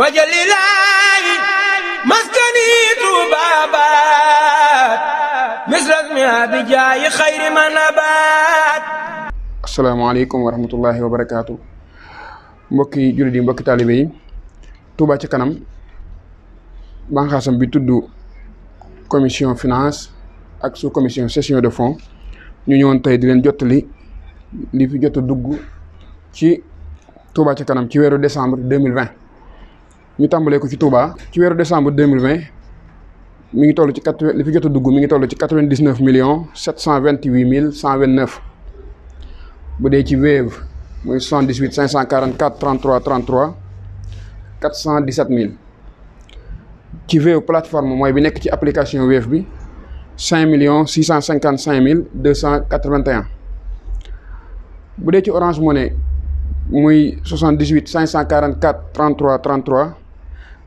wajalilaayi maskani tuubaabaat misras mi abijaayi xayri manabaat asalaamaaleykum wa rahmatullahi wa barakaatu mbokki jullit mbokki taalibe yi ci kanam banxaasam bi tudd commission finance ak sous commission gestion de fonds ñu ñëwoon tey di leen jottali li fi jot dugg ci Touba ci kanam ci weeru décembre deux mille ñu tàmbalee ko ci Touba. ci weeru décembre deux mille vingt mi ngi toll ci quatre li fi jot dugg mi ngi toll ci quatre vingt dix neuf millions sept cent vingt huit mille cent vingt neuf bu dee ci Wave mooy soixante dix huit cinq cent quarante quatre trente trois dix mille ci Wave plateforme mooy bi nekk ci application Wave bi cinq millions six cent cinquante cinq mille deux cent quatre vingt un bu dee ci muy soixante dix huit cinq cent quarante quatre trente trois trente trois.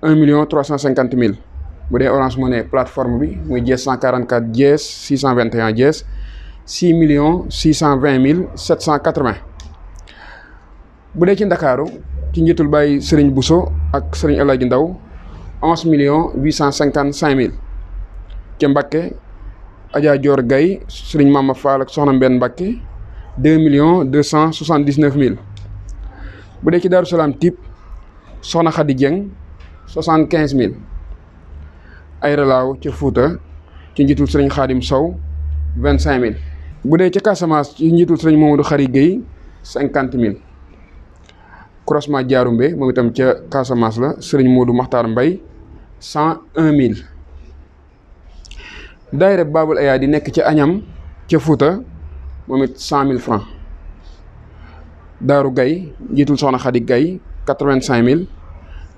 un million trois cent cinquante mille bu dee Orange Money plateforme bi muy jees cent quarante quatre jees six cent vingt et un jees six millions six cent vingt mille sept cent quatre vingt bu dee ci Ndakaaru ci njiitul bàyyi Serigne Bousso ak Serigne El Hadji Ndaw onze million huit cent cinquante cinq mille ci Mbakke Adja Dior Gaye Serigne Mama Fall ak Soxna Mbenn Mbakke deux million deux cent soixante dix neuf mille bu dee ci Daaru Salaam Soxna Khady Dieng soixante quinze mille ay relaaw ca Fuuta ci njiitul sëriñ Xaadim Sow vingt cinq mille bu dee ca Casamance ci njiitul moom Mamadou Xari Guèye cinquante mille croisement Diaroumbe moom itam ca Casamance la sëriñ Modou Maxtaar Mbay cent un mille daayira Baabul di nekk ca Añam ca Fuuta moom it cent mille francs Daaru Gay njiitul soxna Xadi Gay quatre-vingt-cinq mille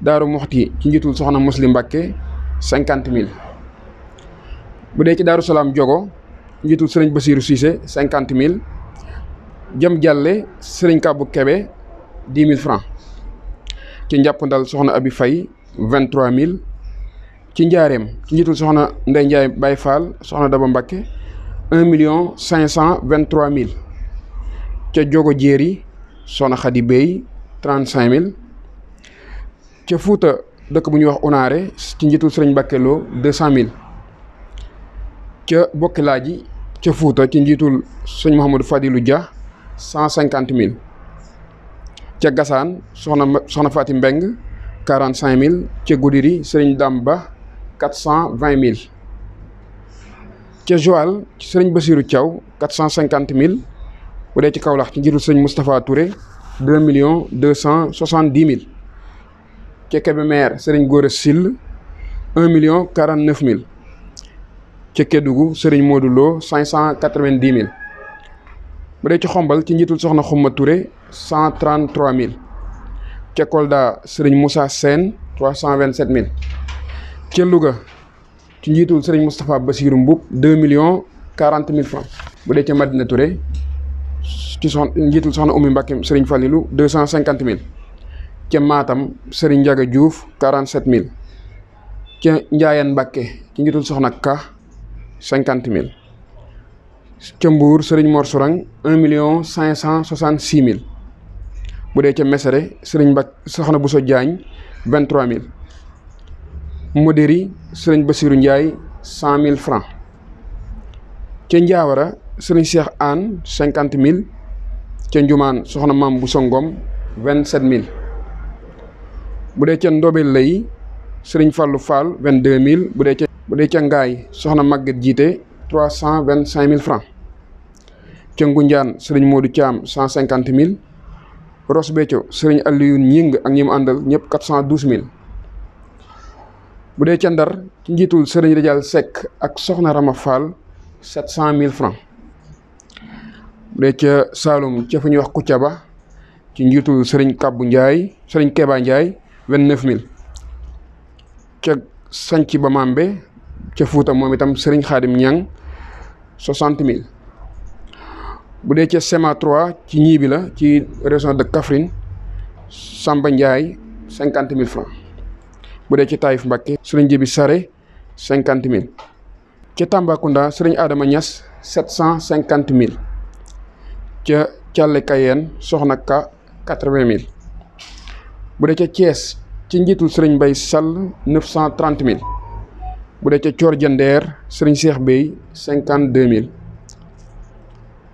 Daaru Muxti ci njiitul soxna Muslim Mbàkke cinquante mille bu dee ci Daaru Salaam Jogo njiitul sëriñ Basiiru Siise cinquante mille jëm jàlle sëriñ Kàbbu Kebe dix mille francs ci njàppandal soxna Abi Fay vingt mille ci njaareem ci njiitul soxna Ndey Njaay Baay Faal soxna Daba Mbàkke un million cinq cent vingt mille ca Jogo Jéeri soxna Xadi Bey trente cinq mille ca Fuuta dëkk bu ñuy wax Unaare ci njiitul Sëriñ Mbàkke Lo deux cent mille ca Bokkilaaji ca Fuuta ci njiitul sëñ Mouhamadou Fadilou Dia cent cinquante mille ca Gasaan soxna soxna Faati Mbeng quarante cinq mille ca Goudiri Sëriñ Dam Ba quatre cent vingt mille ca Joal Sëriñ Basiru Thiaw quatre cent cinquante mille bu dee ci Kaolack ci njiitul sëñ Moustapha Touré deux deux cent soixante dix mille ca Kébémer Serigne Gora Sill un million quarante neuf mille ca Kédougou Serigne Modou Lo cinq cent quatre vingt dix mille bu dee ci xombal ci njiitul soxna Xuma Touré cent trente trois mille ca Kolda Serigne Moussa Sène cent vingt sept mille ca Louga ci njiitul Serigne Moustapha Bassirou Mboup deux millions quarante mille francs mu dee ca Madina Touré ci soxna njiitul soxna Oumy Mbacké Serigne Fallilou deux cent cinquante mille. ca Matam Serigne Ndiaga Diouf 47000 ca Ndiayane Mbakke ci njiitul Soxna Ka 50000 ca Mbour Serigne cinq cent 1 million 566000 mu dee ca Mesere Serigne Mbak Soxna Bousso Diagne 23000 Modéri Serigne Bassirou Ndiaye 100000 francs ca Ndiawara Serigne Cheikh cinquante 50000 ca Njumaan Soxna Maam Bousso Ngom 27000. bu dee ca Ndobel lay Serigne Fallou Fall vingt deux mille bu dee ca bu dee ca soxna Maguette Jiite trois cent vingt cinq mille francs ca Ngunjaan Serigne Modou Thiam cent cinquante mille Ross Béthio Serigne Alioune Ñing ak ñi mu àndal ñëpp quatre cent douze mille bu dee ca Ndar ci njiitul Serigne Ridial Seck ak soxna Rama Fall sept cent mille francs bu dee ca Saalum ca fu ñuy wax Kuccaba ci njiitul Serigne Kabbu Ndiaye Serigne Keba Ndiaye vingt-neuf mille ca sanc ba Mambe ca Fuuta moom itam Serigne Khadim Niang soixante mille bu dee ca Sema 3 ci ñii la ci région de Kaffrine Samba Ndiaye cinquante mille francs bu dee ci Taïf Mbacké Serigne Jibi Sare cinquante mille ca Tambacounda Serigne Adama Niass sept cent cinquante mille ca Thialé Cayenne Soxna Ka quatre-vingt bu dee ca Thiès ci njiitul sëriñ bay Sall neuf cent trente mille bu dee ca Coor Jandeer sëriñ Seex Bey cinquante deux mille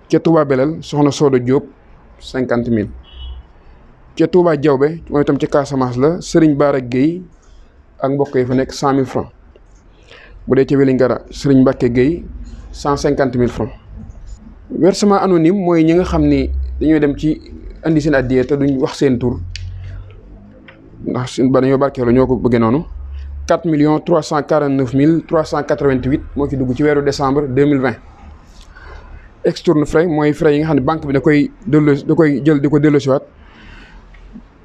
ca Touba Belal soxna Soodo cinquante mille ca Touba Jawbe moom itam ci Casamance la sëriñ Baara Guèye ak mbokk yi fa nekk cent mille francs bu dee ca Wélingara sëriñ Mbàkke Guèye cent cinquante mille francs versement anonyme mooy ñi nga xam ni dañoo dem ci indi seen addiya te duñ wax seen tur ndax suñ ba dañoo barkeelu ñoo ko bëggee noonu quatre millions trois cent quarante neuf mille trois cent quatre vingt huit moo ci dugg ci weeru décembre deux mille vingt extourne frais mooy frais yi nga xam ne banque bi da koy delloo da koy jël di ko delloosiwaat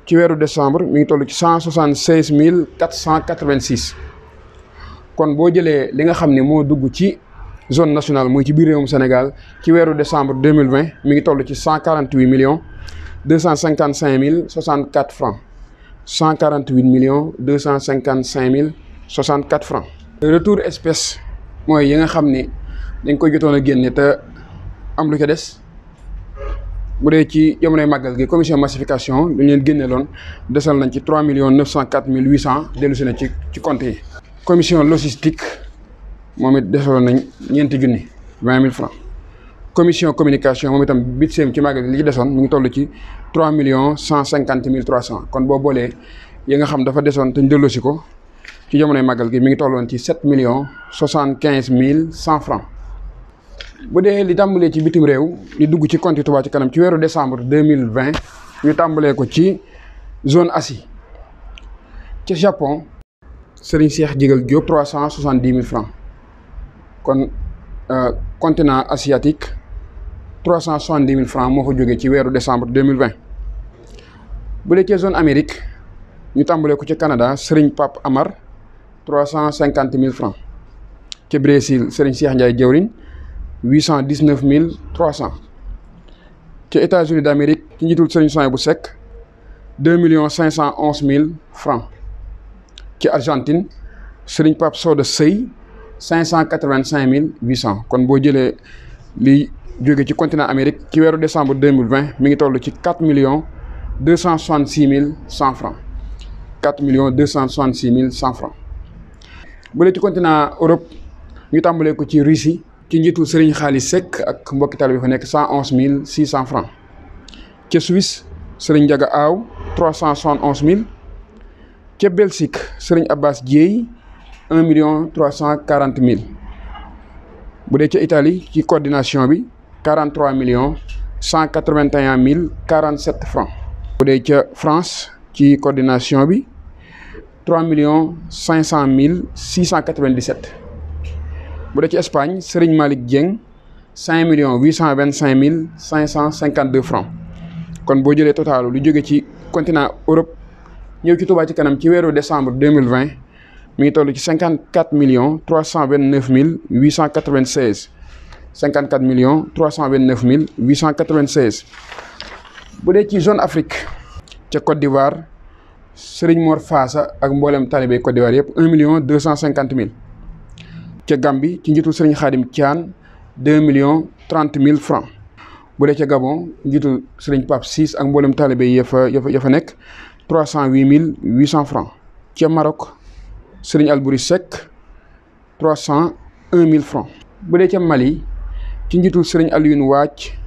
ci weeru décembre mi ngi toll ci cent soixante seize mille quatre cent quatre vingt six kon boo jëlee li nga xam ne moo dugg ci zone nationale muy ci biir réewum Sénégal ci weeru décembre deux mille vingt mi ngi toll ci cent quarante huit millions deux cent cinquante cinq mille soixante quatre francs cent quarante huit millions deux cent cinquante cinq mille soixante quatre francs. retour espèce mooy yi nga xam ni dañ koy jotoon a génne te am lu ca des bu dee ci jamonoy màggal gi commission massification lu leen génne loon desal nañ ci trois millions neuf cent quatre mille huit cent dellu si na ci ci compte yi. commission logistique moom it desaloon nañ ñeenti junni vingt mille francs. commission communication moom itam budget ci màggal li ci desoon mu ngi tollu ci trois millions cent cinquante mille trois cent kon boo boolee yi nga xam dafa desoon te ñu delloosi ko ci jamonoy màggal gi mi ngi tolloon ci sept millions soixante quinze mille cent francs bu dee li tàmbalee ci bitim réew li dugg ci compte Touba ci kanam ci weeru décembre deux mille vingt ñu tàmbalee ko ci zone Asie ci Japon Serigne Cheikh Jigal Diop trois cent soixante dix mille francs kon euh, continent asiatique trois cent soixante dix mille francs moo fa jógee ci weeru décembre deux mille bu dee ci zone Amérique ñu tàmbalee ko ci Canada Serigne Pape Amar trois cent cinquante mille francs ci Brésil Serigne Cheikh Ndiaye jëwriñ huit cent dix neuf mille trois cent ci États-Unis d'Amérique ci njiitul Serigne Sonia bu Seck deux million cinq cent onze mille francs ci Argentine Serigne Pape Soda Sey cinq cent quatre cinq mille huit cent kon boo jëlee li jóge ci continent Amérique ci weeru décembre deux mille vingt mi ngi tollu ci quatre millions deux cent soixante six mille cent francs quatre millions deux cent soixante six mille cent francs bu dee ci continent Europe ñu tàmbalee ko ci Russie ci njiitu Serigne Xaalis Seck ak mbokki taalibe bi fa nekk cent onze mille six cent francs ca Suisse Serigne Ndiaga Aw trois cent soixante onze mille ca Belgique Serigne Abbas Dieye un million trois cent quarante mille bu dee ci Italie ci coordination bi. 43 millions 181 mille 47 francs bu dee ca France ci coordination bi 3 millions 500 mille 697 bu dee ci Espagne Serigne Malick Dieng 5 millions 825 mille 552 francs kon boo jëlee total lu jóge ci continent Europe ñëw ci Touba ci kanam ci weeru décembre 2020 mi ngi toll ci 54 millions 329 mille 896 54 millions 329 mille 896 bu dee ci zone Afrique ca Côte d'Ivoire Serigne Mor ak mboolem taalibé Côte yëpp 1 million 250 mille ca Gambie ci njiitul Serigne Khadim Thian 2 millions 30 mille francs bu dee ca Gabon njiitul Serigne Pape Ciss ak mboolem taalibé ya fa ya fa nekk 308 mille 800 francs ca Maroc Serigne Albouri Seck 301 mille francs bu dee ca Mali ci njiitul sëriñ Alioune Waaj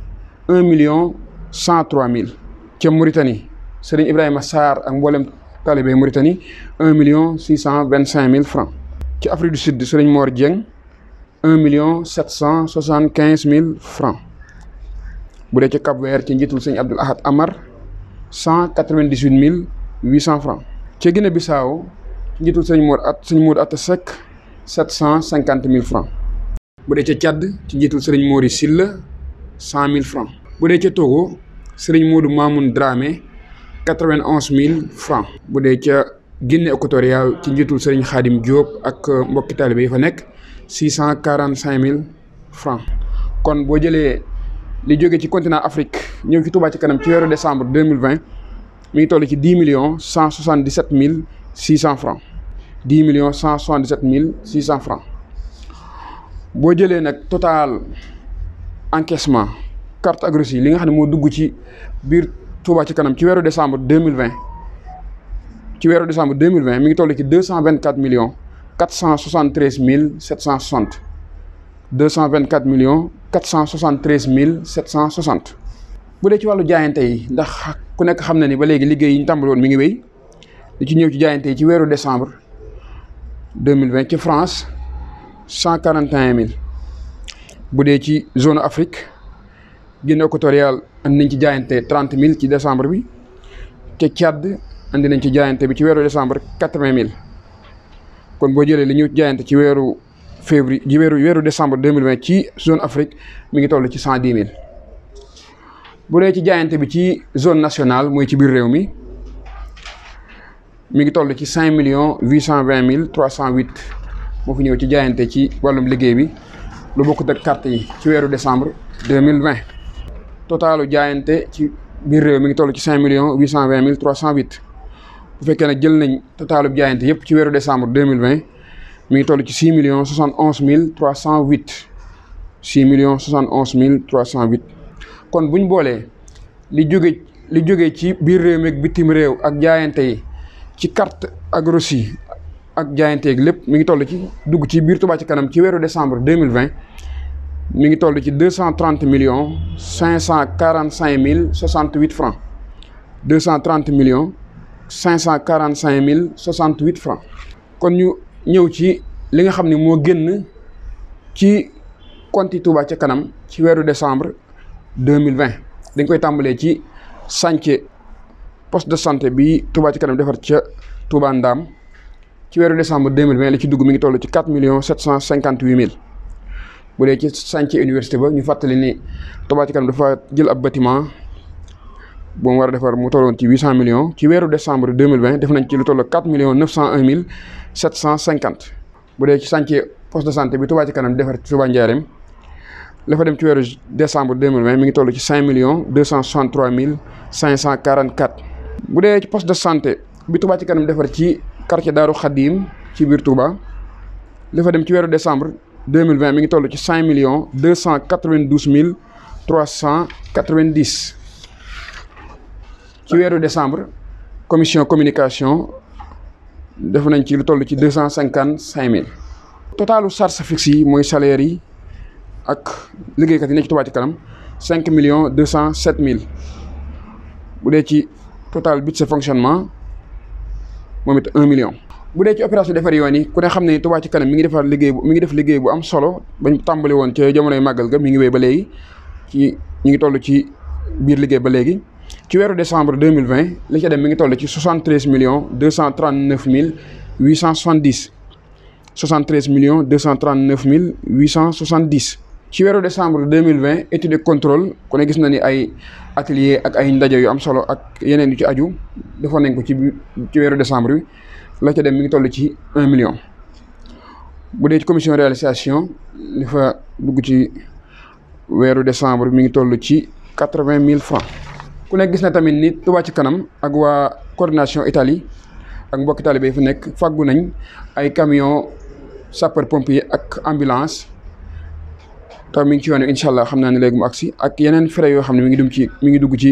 un million cent trois mille ca Mauritanie sëriñ Ibrahima Sarr ak mboolem talibé Mauritanie un million six cent vingt cinq mille francs ci Afrique du Sud sëriñ Mor jeng un million sept cent soixante quinze mille francs bu dee ci Cap ci njiitul sëriñ Abdoul Ahad Amar cent quatre vingt dix mille huit cent francs ca Guinée Bissau ci njiitul sëriñ Mor at sëriñ Modou at Seck sept cent cinquante mille francs bu dee ca Tchad ci njiitul Serigne Mori Silla cent mille francs bu dee ca Togo Serigne Modou Mamoun Dramé quatre vingt onze mille francs bu dee ca Guinée équatoriale ci njiitul Serigne Khadim Diop ak euh, mbokki taalibe yi fa nekk six cent quarante cinq mille francs kon boo jëlee li jóge ci continent Afrique ñëw ci Touba ci kanam ci weeru décembre deux mille mi ngi toll ci dix millions cent soixante dix sept mille six cent francs dix cent soixante dix sept mille six cent francs boo jëlee nag total encaissement carte ak reçu li nga xam ne moo dugg ci biir Touba ci kanam ci weeru décembre deux mille vingt ci weeru décembre deux mille vingt mi ngi toll ci deux cent vingt quatre millions quatre cent soixante treize mille sept cent soixante cent vingt quatre millions quatre cent soixante mille sept cent soixante. bu dee ci wàllu jaayante yi ndax ku nekk xam na ni ba léegi liggéey yi ñu tàmbali woon mi ngi wéy li ci ñëw ci jaayante yi ci weeru décembre deux mille vingt ci France. cent quarante et un mille bu dee ci zone Afrique Guinée équatoriale andi nañ ci jaayante trente mille ci décembre bi te Tchad andi nañ ci jaayante bi ci weeru décembre quatre vingt mille kon boo jëlee li ñu jaayante ci weeru février ci weeru weeru décembre deux ci zone Afrique mi ngi toll ci cent dix mille bu dee ci jaayante bi ci zone national mooy ci biir réew mi mi ngi toll ci cinq millions huit cent vingt mille trois cent huit. moo fi ñëw ci jaayante ci wàllum liggéey bi lu bokkut ak carte yi ci weeru décembre deux mille vingt totalu jaayante ci biir réew mi ngi toll ci cinq millions huit cent vingt mille trois cent huit bu fekkee ne jël nañ totalu jaayante yëpp ci weeru décembre deux mille vingt mi ngi toll ci six millions soixante onze mille trois cent huit six millions soixante onze mille trois cent huit kon buñ boolee li jóge li jóge ci biir réew mi ak bitim réew ak jaayante yi ci carte ak Russie ak jaayanteeg lépp mi ngi toll ci dugg ci biir Touba ci kanam ci weeru décembre deux mille vingt mi ngi toll ci deux cent trente millions cinq cent quarante cinq mille soixante huit francs deux cent trente millions cinq cent quarante cinq mille soixante huit francs kon ñu ñëw ci li nga xam ne moo génn ci compte Touba ca kanam ci weeru décembre deux mille vingt dañ koy tàmbalee ci sànce poste de santé bi Touba ci kanam defar ca Touba Ndaam. ci weeru décembre deux mille vingt li ci dugg mi ngi toll ci quatre millions sept cent cinquante huit mille bu dee ci chantier université ba ñu fàttali ni Touba ci kanam jël ab bâtiment war a defar mu tolloon ci huit cent millions ci weeru décembre deux mille vingt def nañ ci lu toll quatre millions neuf cent un mille sept cent cinquante bu dee ci chantier poste de santé bi Touba ci kanam defar ci Touba Njaareem la fa dem ci weeru décembre deux mille vingt mi ngi toll ci cinq millions deux cent trois mille cinq cent quarante quatre bu dee ci poste de santé bi Touba ci kanam defar ci quartier Daaru Xadim ci biir Touba li fa dem ci weeru décembre deux mille vingt mi ngi toll ci cinq millions deux cent quatre vingt douze mille trois cent quatre vingt dix ci weeru décembre commission communication def nañ ci lu toll ci deux cent cinquante cinq mille. totalu charges fixes yi mooy salaire yi ak liggéeykat yi nekk ci Touba ci kanam cinq millions deux cent sept mille bu dee ci total budget fonctionnement. moom it un million bu dee ci opération defar yoon yi ku ne xam ne Touba ci kanam mi ngi defar liggéey bu mi ngi def liggéey bu am solo bañ tàmbali woon ca jamonoy màggal ga mi ngi wéy ba léegi ci ñu ngi toll ci biir liggéey ba léegi ci weeru décembre deux mille vingt li ca dem mi ngi toll ci soixante treize millions deux cent trente neuf mille huit cent soixante dix soixante treize millions deux cent trente neuf mille huit cent soixante dix ci weeru décembre deux mille vingt étude de contrôle ku ne gis na ni ay atelier ak ay ndaje yu am solo ak yeneen yu ci aju defoon nañ ko ci ci weeru décembre bi la ca dem mi ngi toll ci million. bu dee ci commission réalisation fa bugg ci weeru décembre mi ngi toll ci quatre vingt mille francs ku ne gis na tamit ni Touba ci kanam ak waa coordination Italie ak mbokki taalibe yi nekk fàggu nañ ay camion sapeur pompier ak ambulance. taw mi ngi ci yoon wi incha allah xam naa ne léegi mu agsi ak yeneen frais yoo xam ne mi ngi dugg ci mi ngi dugg ci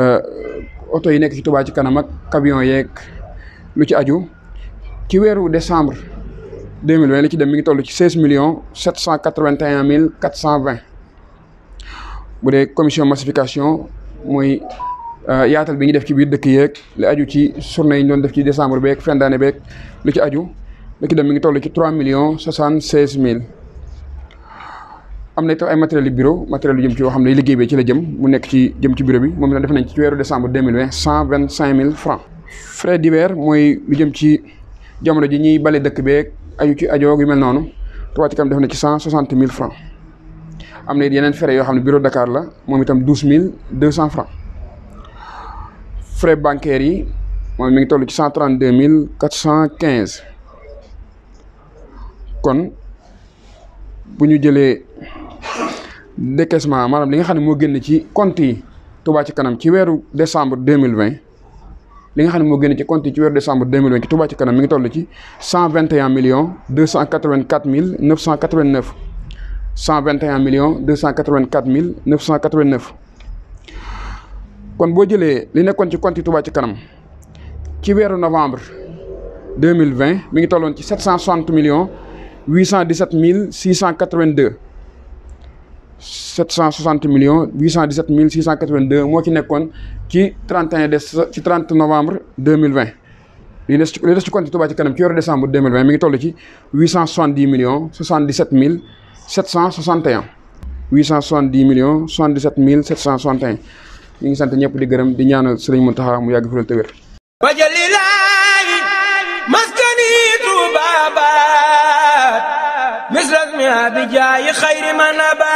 euh, oto yi nekk ci Touba ci kanam ak camion yeeg lu ci aju ci weeru décembre deux mille li ci dem mi ngi toll ci seize millions sept cent quatre vingt et un mille quatre bu dee commission massification mooy euh, yaatal bi ñu def ci biir dëkk yeeg li aju ci journée yi ñu doon def ci décembre beeg fin d'année beeg lu ci aju li ci dem mi ngi toll ci trois millions soixante seize mille. am na itam ay matériel yu bureau matériel yu jëm ci yoo xam ne liggéey bi ci la jëm mu nekk ci jëm ci bureau bi moom itam def nañ ci weeru décembre deux mille vingt cent vingt cinq mille francs frais mooy jëm ci jamono ji ñuy bale dëkk beeg aju ci ajoo yu mel noonu Touba Ca Kanam def na ci cent soixante mille francs am na it yeneen frais yoo xam ne bureau Dakar la moom itam douze mille deux cent francs frais bancaires yi moom mi ngi toll ci cent trente mille quatre cent quinze kon bu ñu jëlee décaissement maanaam li nga xam ne moo génn ci compte yi Touba ci kanam ci weeru décembre deux mille li nga xam ne moo génn ci compte yi ci weeru décembre ci Touba ci kanam mi ngi toll ci cent vingt et un millions deux cent quatre vingt quatre mille neuf cent quatre vingt neuf cent vingt et un cent quatre vingt quatre mille neuf cent quatre vingt kon boo jëlee li nekkoon ci compte yi Touba ci kanam ci weeru novembre deux mille vingt mi ngi tolloon ci sept cent soixante millions huit cent dix sept 760 millions 817 mille 682 moo ci nekkoon ci 31 des ci 30 novembre 2020 li des li des ci compte Touba ci kanam ci weeru décembre 2020 mi ngi toll ci 870 millions 77 mille 761 870 millions 77 mille 761 ñu ngi sant ñëpp di gërëm di ñaanal Serigne Mountakha mu yàgg fi la te maskani Touba